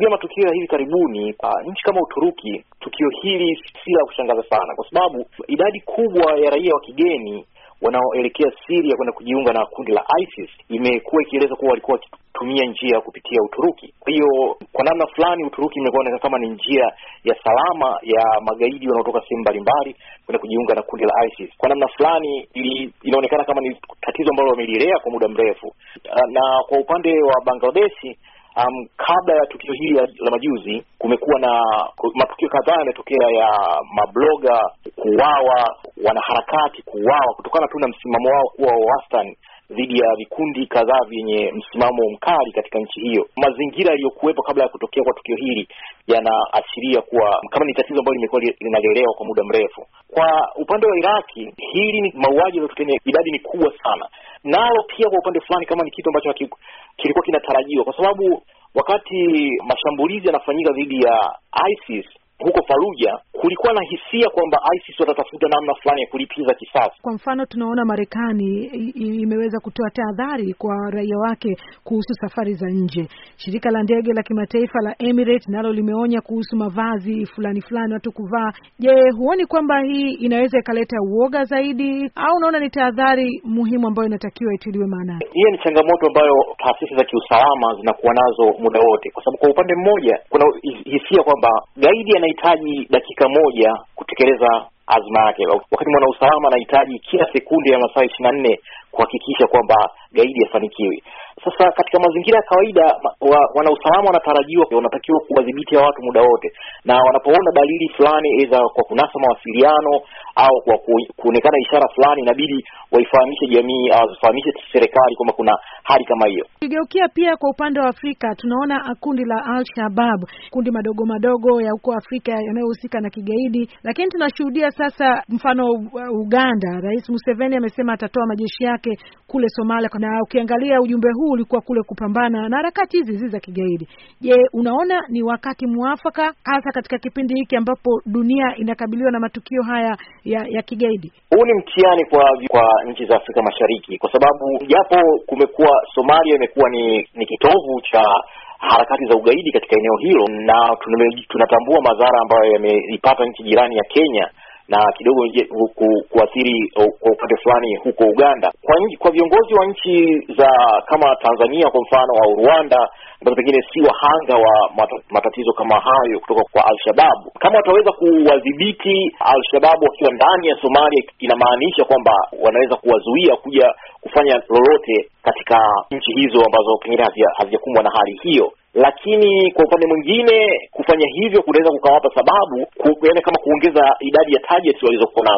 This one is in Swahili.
Ukichukulia matukio ya hivi karibuni uh, nchi kama Uturuki, tukio hili si la kushangaza sana, kwa sababu idadi kubwa ya raia wa kigeni wanaoelekea Syria kwenda kujiunga na kundi la ISIS imekuwa ikieleza kuwa walikuwa wakitumia njia ya kupitia Uturuki. Kwa hiyo kwa namna fulani Uturuki imekuwa inaonekana kama ni njia ya salama ya magaidi wanaotoka sehemu mbalimbali kwenda kujiunga na kundi la ISIS. Kwa namna fulani inaonekana kama ni tatizo ambalo wamelilea kwa muda mrefu. Ah, na kwa upande wa Bangladeshi Um, kabla ya tukio hili la majuzi kumekuwa na matukio kadhaa yametokea ya mabloga kuwawa wanaharakati kuwawa kutokana tu na msimamo wao kuwa wastan dhidi ya vikundi kadhaa vyenye msimamo mkali katika nchi hiyo. Mazingira yaliyokuwepo kabla ya kutokea kwa tukio hili yanaashiria kuwa kama ni tatizo ambayo limekuwa linalelewa kwa muda mrefu. Kwa upande wa Iraki, hili ni mauaji yaliyotokea, idadi ni kubwa sana, nalo pia kwa upande fulani kama ni kitu ambacho kilikuwa kinatarajiwa, kwa sababu wakati mashambulizi yanafanyika dhidi ya ISIS huko faruja kulikuwa na hisia kwamba ISIS watatafuta namna fulani ya kulipiza kisasi. Kwa mfano, tunaona Marekani imeweza kutoa tahadhari kwa raia wake kuhusu safari za nje. Shirika la ndege la kimataifa la Emirates nalo limeonya kuhusu mavazi fulani fulani watu kuvaa. Je, huoni kwamba hii inaweza ikaleta uoga zaidi, au unaona ni tahadhari muhimu ambayo inatakiwa itiliwe maanani? Hiyo ni changamoto ambayo taasisi za kiusalama zinakuwa nazo muda wote, kwa sababu kwa upande mmoja kuna hisia kwamba gaidi ana anahitaji dakika moja kutekeleza azma yake, wakati mwanausalama anahitaji kila sekunde ya masaa ishiri na nne kuhakikisha kwamba gaidi yafanikiwi Sasa katika mazingira ya kawaida wa, wanausalama wanatarajiwa, wanatakiwa kuwadhibiti hawa watu muda wote, na wanapoona dalili fulani za kwa kunasa mawasiliano au kwa kuonekana ishara fulani, inabidi waifahamishe jamii, awazifahamishe serikali kwamba kuna hali kama hiyo. Kigeukia pia kwa upande wa Afrika, tunaona kundi la al shabab kundi madogo madogo ya huko Afrika yanayohusika na kigaidi, lakini tunashuhudia sasa, mfano uh, Uganda, Rais Museveni amesema atatoa majeshi yake kule Somalia, na ukiangalia ujumbe huu ulikuwa kule kupambana na harakati hizi hizi za kigaidi. Je, unaona ni wakati mwafaka hasa katika kipindi hiki ambapo dunia inakabiliwa na matukio haya ya, ya kigaidi? Huu ni mtihani kwa, kwa nchi za Afrika Mashariki kwa sababu japo kumekuwa Somalia imekuwa ni, ni kitovu cha harakati za ugaidi katika eneo hilo, na tunatambua madhara ambayo yameipata nchi jirani ya Kenya na kidogo kuathiri kwa upande fulani huko Uganda. Kwa, kwa viongozi wa nchi za kama Tanzania kwa mfano au Rwanda ambazo pengine si wahanga wa matatizo kama hayo kutoka kwa Alshababu. Kama wataweza kuwadhibiti Alshababu wakiwa ndani ya Somalia, inamaanisha kwamba wanaweza kuwazuia kuja kufanya lolote katika nchi hizo ambazo pengine hazijakumbwa na hali hiyo lakini kwa upande mwingine kufanya hivyo kunaweza kukawapa sababu, kuene kama kuongeza idadi ya targets walizokuwa nazo.